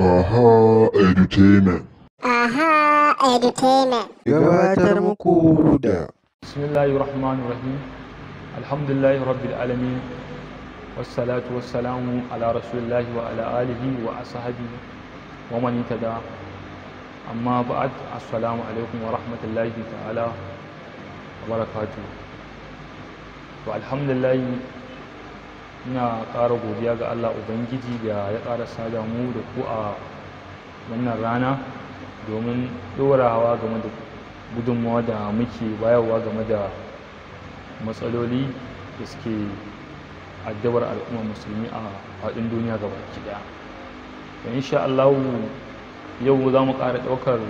Aha Edutainment. Aha Edutainment. Gabatar muku da. Bismillahirrahmanirrahim. Alhamdulillahi Rabbil Alamin. Wassalatu wassalamu ala Rasulillahi wa ala alihi wa ashabi wa man tada. Amma ba'ad assalamu alaikum wa rahmatullahi ta'ala wa barakatuh. To alhamdulillahi ina ƙara godiya ga allah ubangiji da ya ƙara sada mu da ku a wannan rana domin ɗorawa game da gudunmawa da muke bayarwa game da matsaloli da suke addabar al'ummar musulmi a faɗin duniya gaba ɗaya da sha Allah yau za mu ƙara ɗaukar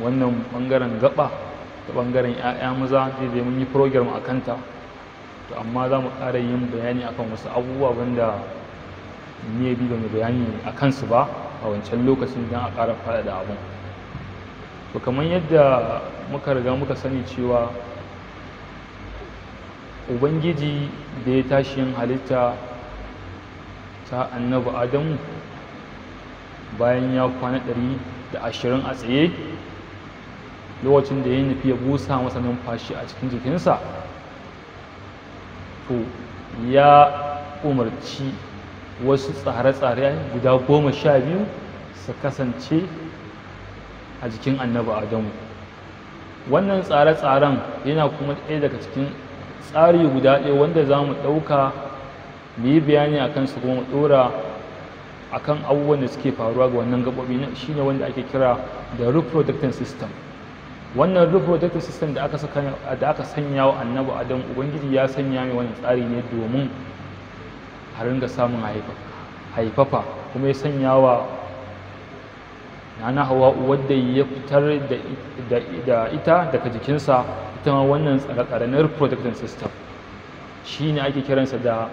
wannan ɓangaren gaba ta ɓangaren 'ya'ya maza zai zai mun yi program a kanta to amma za mu ƙara yin bayani akan wasu abubuwa wanda ne bi da mu bayani a kansu ba a wancan lokacin don a ƙara faɗaɗa abin to kamar yadda muka riga muka sani cewa ubangiji da ya tashi yin halitta ta annabi adamu bayan ya kwana ɗari da ashirin a tsaye lokacin da ya nufi ya busa masa numfashi a cikin jikinsa to ya umarci wasu tsare-tsare guda goma sha biyu su kasance a jikin annabi adamu wannan tsare-tsaren yana kuma ɗaya daga cikin tsari guda ɗaya wanda za mu ɗauka mu yi bayani a kansu kuma ɗora a kan abubuwan da suke faruwa ga wannan gaɓoɓi shine wanda ake kira da reproductive system wannan rufe protective system da aka sanya wa annabu adam ubangiji ya sanya mai wani tsari ne domin a ga samun haifafa kuma ya sanya wa nana hawa wadda ya fitar da ita daga jikinsa ita ma wannan tsare-tsare na protective system shi ne ake kiransa da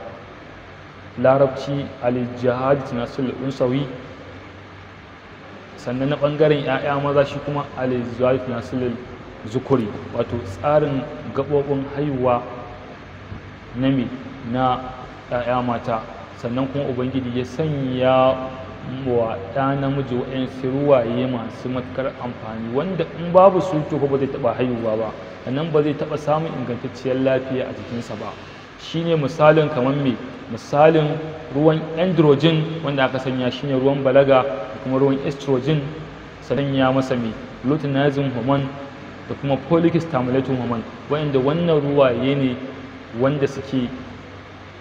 larabci alijihadi tunasul sauyi. sannan na ɓangaren 'ya'ya maza shi kuma alizuwaif nasilil zukuri wato tsarin gaɓoɓin haihuwa na mai na 'ya'ya mata sannan kuma ubangiji ya sanya wa ɗa namiji waɗansu ruwaye masu matuƙar amfani wanda in babu su to ba zai taɓa haihuwa ba sannan ba zai taɓa samun ingantacciyar lafiya a jikinsa ba shine misalin kamar mai misalin ruwan androgen wanda aka sanya shine ruwan balaga kuma ruwan estrogen sannan ya masa mai luteinizing hormone da kuma folic stimulating hormone wa'inda wannan ruwaye ne wanda suke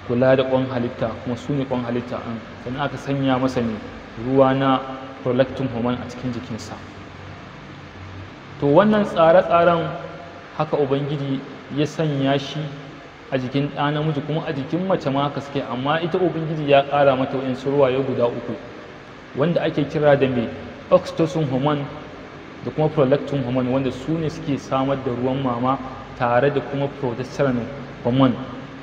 kula da ƙwan halitta kuma su ne ƙwan halitta an sannan aka sanya masa mai ruwa na prolactin hormone a cikin jikinsa to wannan tsare-tsaren haka ubangiji ya sanya shi a jikin ɗa namiji kuma a jikin mace ma haka suke amma ita ubangiji ya ƙara mata wayansu ruwaye guda uku wanda ake kira da mai oxytocin hormone da kuma prolactin hormone wanda su ne suke samar da ruwan mama tare da kuma progesterone hormone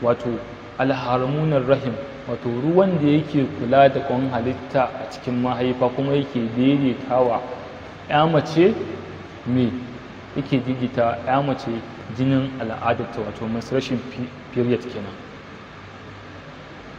wato alharmunan rahim wato ruwan da yake kula da kwan halitta a cikin mahaifa kuma yake daidaitawa ya mace mai yake daidaita ya mace jinin al'adarta wato rashin period kenan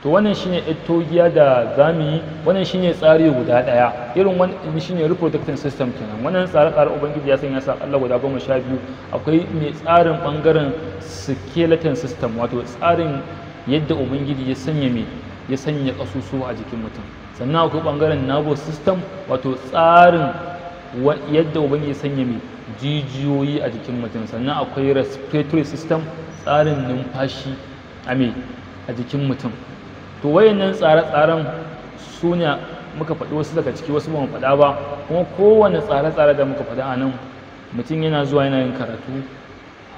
to wannan shine togiya da zamu yi wannan shine tsari guda daya irin wannan shine reproductive system kenan wannan tsare-tsare ubangiji ya sanya sa Allah guda goma sha biyu akwai mai tsarin bangaren skeleton system wato tsarin yadda ubangiji ya sanya mai ya sanya kasusuwa a jikin mutum sannan akwai bangaren nervous system wato tsarin yadda ubangiji ya sanya mai jijiyoyi a jikin mutum sannan akwai respiratory system tsarin numfashi a mai a jikin mutum to wayannan tsare-tsaren su muka faɗi wasu daga ciki wasu ba mu faɗa ba kuma kowane tsare-tsare da muka faɗa anan nan mutum yana zuwa yana yin karatu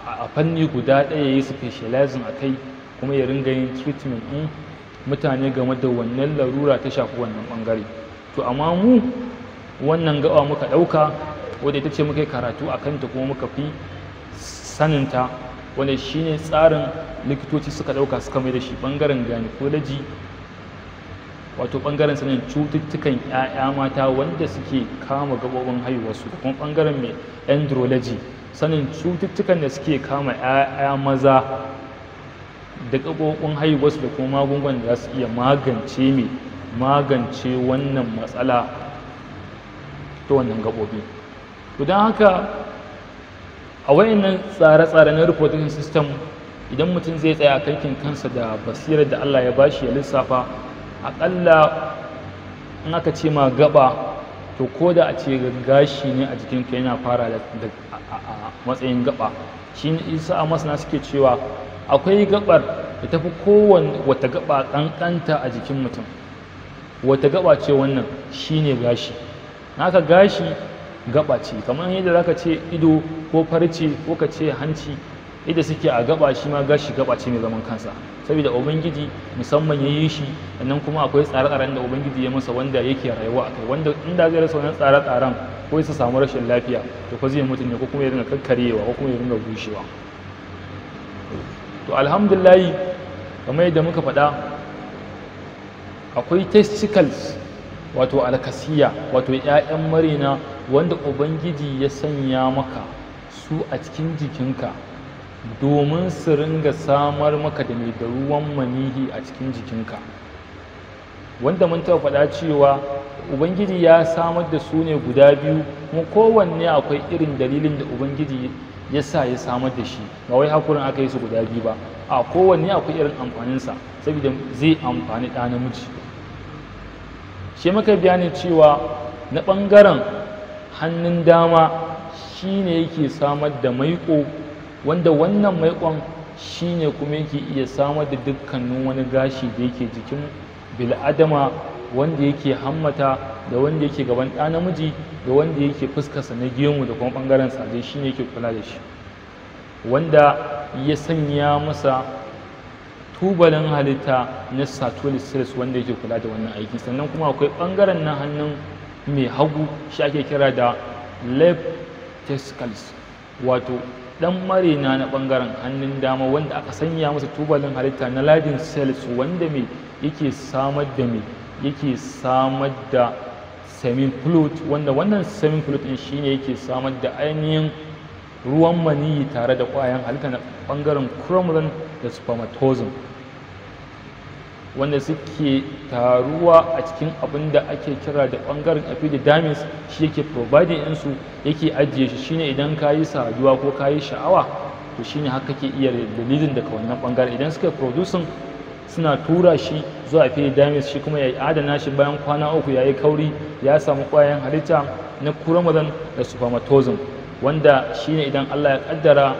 a fanni guda ɗaya ya yi specializing a kai kuma ya ringa yin treatment ɗin mutane game da wannan larura ta shafi wannan ɓangare to amma mu wannan gaba muka ɗauka wadda ita ce muka yi karatu a kanta kuma muka fi saninta wanda ne tsarin likitoci suka ɗauka suka mai da shi ɓangaren gynecology wato ɓangaren sanin cututtukan 'ya'ya mata wanda suke kama gaɓoɓin haihuwarsu da kuma ɓangaren mai andrology sanin cututtukan da suke kama 'ya'ya maza da gaɓoɓin haihuwarsu da kuma magungunan da za su iya magance mai magance wannan matsala ta wannan gaɓoɓi to haka a wayannan tsare-tsare na reporting system idan mutum zai tsaya a kankin kansa da basirar da Allah ya bashi ya lissafa aƙalla in aka ce ma gaba to ko da a ce gashi ne a jikinka yana fara da matsayin gaba shi ne isa a masana suke cewa akwai gabar da tafi kowane wata gaba ƙanƙanta a jikin mutum wata gaba ce wannan shine gashi naka gashi gaba ce kamar yadda zaka ce ido ko farce ko ka ce hanci yadda suke a gaba shi ma gashi gaba ce mai zaman kansa saboda ubangiji musamman ya yi shi sannan kuma akwai tsare-tsaren da ubangiji ya masa wanda yake rayuwa a kai wanda inda zai rasa wannan tsare-tsaren ko su samu rashin lafiya to ko zai mutu ne ko kuma ya dinga karkarewa ko kuma ya dinga bushewa to alhamdulillah kamar yadda muka faɗa akwai testicles wato alkasiya wato 'ya'yan marina wanda ubangiji ya sanya maka su a cikin jikinka domin su ringa samar maka da mai da ruwan manihi a cikin jikinka wanda mun taɓa faɗa cewa ubangiji ya samar da su ne guda biyu kuma kowanne akwai irin dalilin da ubangiji ya sa ya samar da shi ba wai hakurin aka yi su guda biyu ba a kowanne akwai irin amfaninsa saboda zai amfani ɗa namiji shi maka bayani cewa na ɓangaren hannun dama shine yake samar da maiƙo wanda wannan maiƙon shine kuma yake iya samar da dukkanin wani gashi da yake jikin bil'adama wanda yake hammata da wanda yake gaban ɗa namiji da wanda yake fuskarsa na gemu da kuma ɓangaren saje shine yake kula da shi wanda ya sanya masa tubalin halitta na satolis wanda yake kula da wannan aiki sannan kuma akwai ɓangaren na hannun mai hagu shi ake kira da left testicles wato dan marena na bangaren hannun dama wanda aka sanya masa tubalin halitta na ladin cells wanda mai yake samar da mai yake samar da semi fluid wanda wannan semi fluid din shine yake samar da ainihin ruwan maniyi tare da kwayan halitta na bangaren chromosome da spermatozoa wanda suke taruwa a cikin abin da ake kira da bangaren epididymis shi yake providing insu yake ajiye shi shine idan ka yi saduwa ko ka yi sha'awa to shine haka ke iya dalilin daga wannan bangaren. idan suka producing suna tura shi zuwa epididymis shi kuma ya yi adana shi bayan kwana uku ya yi kauri ya samu kwayan halitta na kuramazan da spermatosm wanda shine idan allah ya kaddara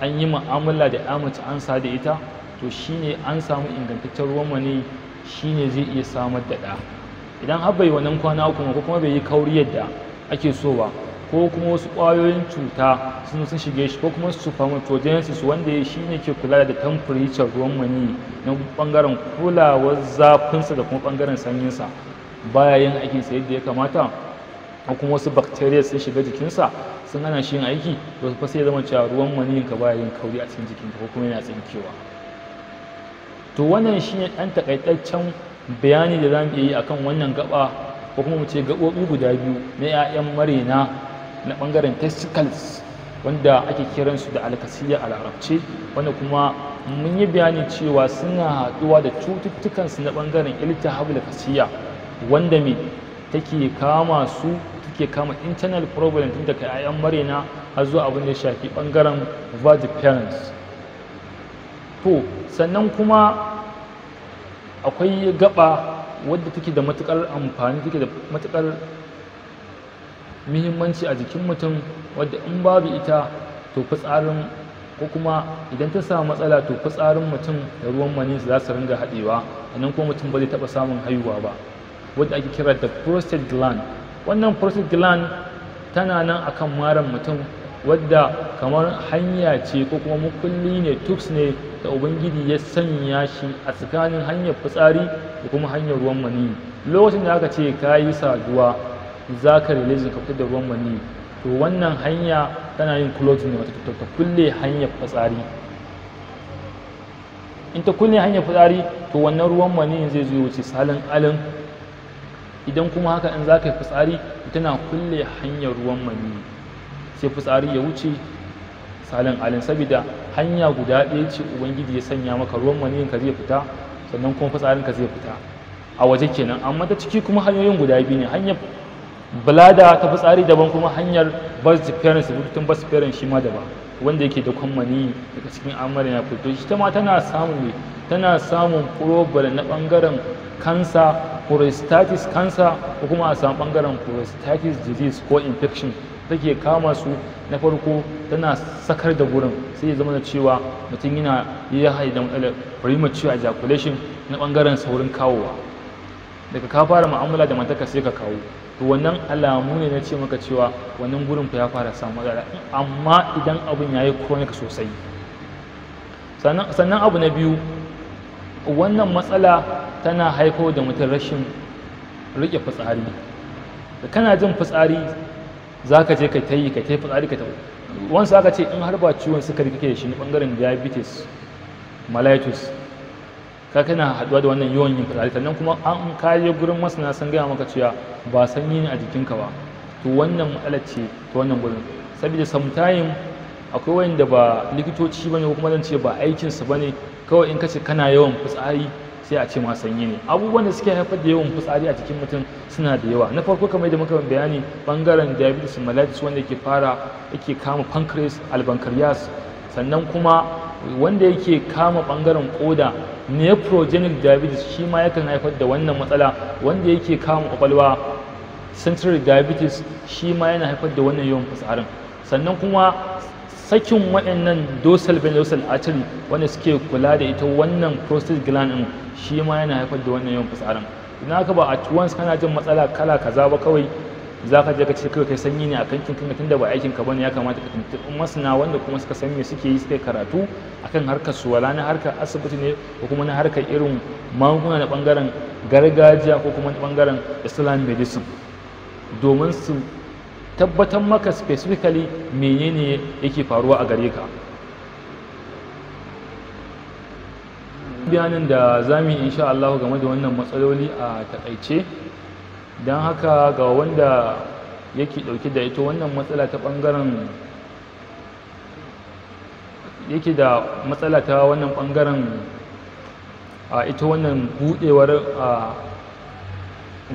an yi mu'amala da amince an sa da ita to shine an samu ingantaccen ruwan mani shine zai iya samar da ɗa idan har bai wannan kwana kuma ko kuma bai yi kauri yadda ake so ba ko kuma wasu ƙwayoyin cuta sun sun shige shi ko kuma su supermatogenesis wanda ya shine ke kula da temperature ruwan mani na bangaren kulawar zafinsa da kuma bangaren sanyinsa baya yin aikinsa yadda ya kamata ko kuma wasu bacteria sun shiga jikinsa sun hana shi yin aiki to fa sai zama cewa ruwan maniyin baya yin kauri a cikin jikinka ko kuma yana tsinkewa to wannan shi ne ɗan takaitaccen bayani da za mu iya yi a kan wannan gaba ko kuma mu ce gaɓoɓi guda biyu na 'ya'yan marena na ɓangaren testicles wanda ake kiransu da alkasiya a larabce wanda kuma mun yi bayanin cewa suna haɗuwa da cututtukansu na ɓangaren da kasiya wanda me take kama su take kama internal problem tun daga 'ya'yan marena har zuwa abin da shafi ɓangaren virgin to sannan kuma akwai gaba wadda take da matukar amfani take da matukar muhimmanci a jikin mutum wadda in babu ita to fitsarin ko kuma idan ta samu matsala to fitsarin mutum da ruwan maninsa za su ringa haɗewa sannan kuma mutum ba zai taɓa samun haihuwa ba wadda ake kira da prostate gland wannan prostate gland tana nan akan maran mutum wadda kamar hanya ce ko kuma mukulli ne tubes ne da ubangiji ya sanya shi a tsakanin hanyar fitsari da kuma hanyar ruwan mani lokacin da aka ce ka yi saduwa za ka rilizin ka fitar da ruwan mani to wannan hanya tana yin closing ne wata ta kulle hanyar fitsari in ta kulle hanyar fitsari to wannan ruwan mani zai zo wuce salin alin idan kuma haka in za ka yi fitsari tana kulle hanyar ruwan mani sai fitsari ya wuce salin alin saboda hanya guda ɗaya ce ubangiji ya sanya maka ruwan maniyin ka zai fita sannan kuma fitsarin ka zai fita a waje kenan amma ta ciki kuma hanyoyin guda biyu ne hanyar balada ta fitsari daban kuma hanyar birth parents rubutun birth parents shi ma daban wanda yake da kwan maniyi daga cikin amarin ya fito shi ta ma tana samun ne tana samun probal na bangaren kansa prostatitis kansa ko kuma a samu bangaren prostatitis disease ko infection take kama su na farko tana sakar da gurin sai ya zama da cewa mutum yana ya haɗe da matsalar premature ejaculation na ɓangaren saurin kawowa daga ka fara mu'amala da mataka sai ka kawo to wannan alamu ne na ce maka cewa wannan gurin ya fara samu matsala amma idan abin ya yi chronic sosai sannan abu na biyu wannan matsala tana haifar da mutum rashin riƙe fitsari da kana jin fitsari za ka je ka ta yi ka ta fitsari ka ta wansu aka ce in har ba ciwon sukari kake da shi na bangaren diabetes mellitus ka kana haduwa da wannan yawan yin fitsari sannan kuma an kaje gurin masana sun gaya maka cewa ba sanyi ne a jikinka ba to wannan matsalar ce ta wannan gurin saboda samtayin akwai wanda ba likitoci bane ko kuma zan ce ba aikinsu bane kawai in kace kana yawan fitsari sai a ce ma sanyi ne abubuwan da suke haifar da yawan fitsari a cikin mutum suna da yawa na farko kamar da muka bayani bangaren diabetes mellitus wanda yake fara yake kama pancreas albancarias sannan kuma wanda yake kama bangaren koda nephrogenic diabetes shi ma yakan haifar da wannan matsala wanda yake kama kwakwalwa central diabetes shi ma yana haifar da wannan yawan fitsarin sannan kuma sakin waɗannan dorsal venosal artery wanda suke kula da ita wannan prostate gland din shi ma yana haifar da wannan yawan fitsarin idan aka ba a once kana jin matsala kala kaza ba kawai za ka je ka ce kai sanyi ne a kankin kanka tunda ba aikin ka bane ya kamata ka tuntuɓi masana wanda kuma suka san me suke yi suke karatu akan harkar su wala na harkar asibiti ne ko kuma na harkar irin magunguna na bangaren gargajiya ko kuma na bangaren islam medicine domin su tabbatar maka specifically menene yake faruwa a gare ka bayanin da za mu yi insha Allah game da wannan matsaloli a takaice don haka ga wanda yake dauke da ita wannan matsala ta bangaren yake da matsala ta wannan bangaren a ita wannan budewar a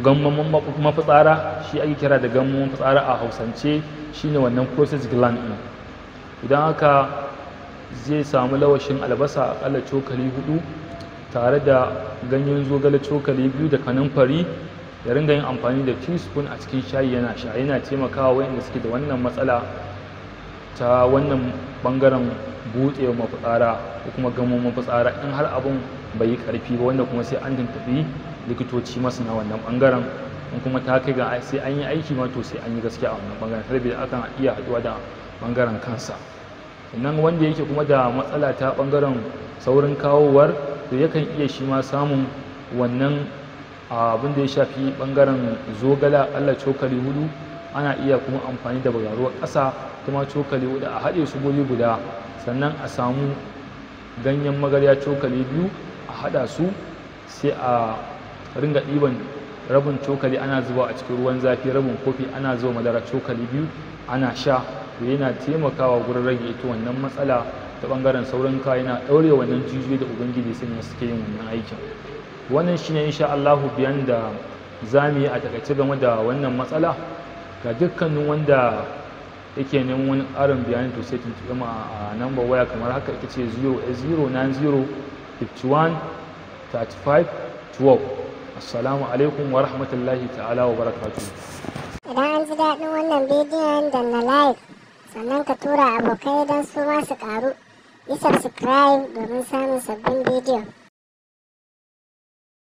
gamman mafitsara shi ake kira da gamman mafitsara a hausance shine wannan process gland ɗin idan haka zai samu lawashin albasa akalla cokali hudu tare da ganyen zogale cokali biyu da kanumfari ya ringa yin amfani da teaspoon a cikin shayi yana sha yana taimakawa wayanda suke da wannan matsala ta wannan bangaren buɗe mafitsara ko kuma gamo mafitsara in har abin bai yi karfi ba wanda kuma sai an tuntuɓi likitoci masana wannan bangaren in kuma ta kai ga sai an yi aiki ma to sai an yi gaskiya a wannan bangaren da akan iya haɗuwa da bangaren kansa sannan wanda yake kuma da matsala ta bangaren saurin kawowar to yakan iya shi ma samun wannan abin da ya shafi bangaren zogala allah cokali hudu ana iya kuma amfani da bagaruwar ƙasa kuma cokali guda a haɗe su guri guda sannan a samu ganyen magarya cokali biyu a haɗa su sai a ringa ɗiban rabin cokali ana zuba a cikin ruwan zafi rabin kofi ana zuba madara cokali biyu ana sha to yana taimakawa gurin rage ita wannan matsala ta ɓangaren sauran kaya yana ɗaure wannan jijiyoyi da ubangiji sanya suke yin wannan aikin wannan shine insha Allahu biyan da zamu yi a takaice game da wannan matsala ga dukkanin wanda yake neman wani arin bayani to sai tuntuɓe mu a nambar waya kamar haka ita ce 0 0 9 0 51 35 12 assalamu alaikum wa rahmatullahi ta'ala wa barakatu idan an ji daɗin wannan bidiyon da na live sannan ka tura abokai don su ma su ƙaru yi subscribe domin samun sabbin bidiyon